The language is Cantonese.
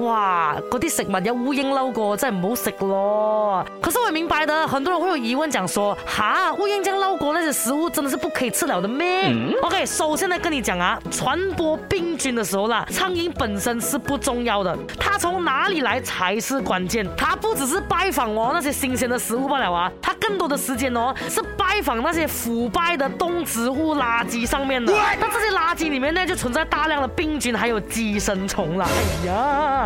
哇！嗰啲食物有烏蠅撈過，真係唔好食咯。可是我也明白的，很多人會有疑問，講說吓烏蠅真撈過那些食物真的是不可以吃了的咩、嗯、？OK，首、so, 先呢，跟你講啊，傳播病菌的時候啦，蒼蠅本身是不重要的，它從哪裏來才是關鍵。它不只是拜訪哦那些新鮮的食物不了啊，它更多的時間哦是拜訪那些腐敗的動植物垃圾上面的那這些垃圾裏面呢就存在大量的病菌，還有寄生蟲啦。哎呀！